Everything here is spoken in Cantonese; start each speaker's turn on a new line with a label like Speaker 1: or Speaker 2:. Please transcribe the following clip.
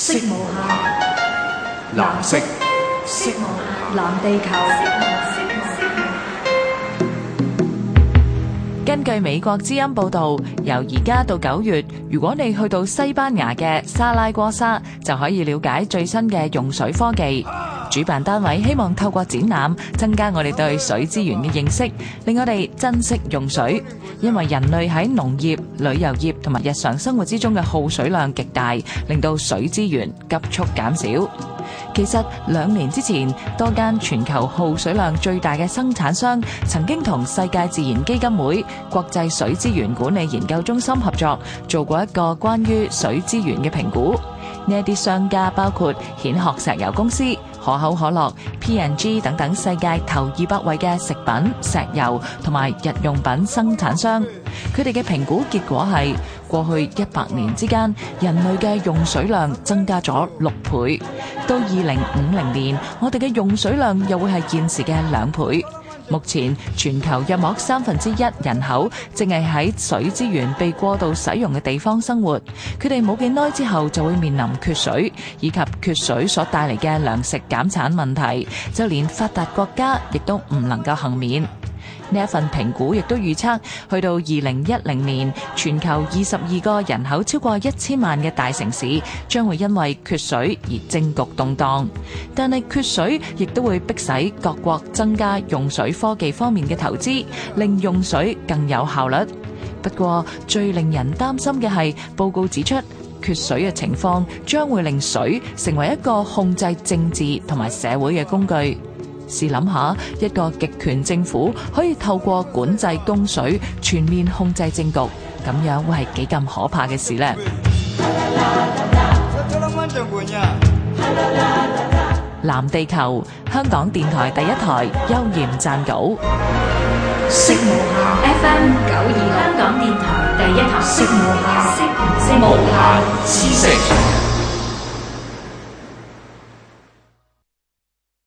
Speaker 1: 色藍色，色藍地球。根據美國之音報導，由而家到九月，如果你去到西班牙嘅沙拉戈沙，就可以了解最新嘅用水科技。。 主辦單位希望透過展覽，增加我哋對水資源嘅認識，令我哋珍惜用水。因為人類喺農業、旅遊業同埋日常生活之中嘅耗水量極大，令到水資源急速減少。其實兩年之前，多間全球耗水量最大嘅生產商，曾經同世界自然基金會、國際水資源管理研究中心合作，做過一個關於水資源嘅評估。呢一啲商家包括蜆殼石油公司、可口可樂、P&G 等等世界頭二百位嘅食品、石油同埋日用品生產商，佢哋嘅評估結果係過去一百年之間，人類嘅用水量增加咗六倍，到二零五零年，我哋嘅用水量又會係現時嘅兩倍。目前全球約莫三分之一人口正係喺水資源被過度使用嘅地方生活，佢哋冇幾耐之後就會面臨缺水，以及缺水所帶嚟嘅糧食減產問題，就連發達國家亦都唔能夠幸免。呢一份評估亦都預測，去到二零一零年，全球二十二個人口超過一千萬嘅大城市，將會因為缺水而政局動盪。但係缺水亦都會迫使各國增加用水科技方面嘅投資，令用水更有效率。不過最令人擔心嘅係，報告指出，缺水嘅情況將會令水成為一個控制政治同埋社會嘅工具。試諗下，一個極權政府可以透過管制供水，全面控制政局，咁樣會係幾咁可怕嘅事呢？藍地球，香港電台第一台，邱焱撰稿，色無限，FM 九二，香港電台第一台，色無限，色無限，色無限，知識。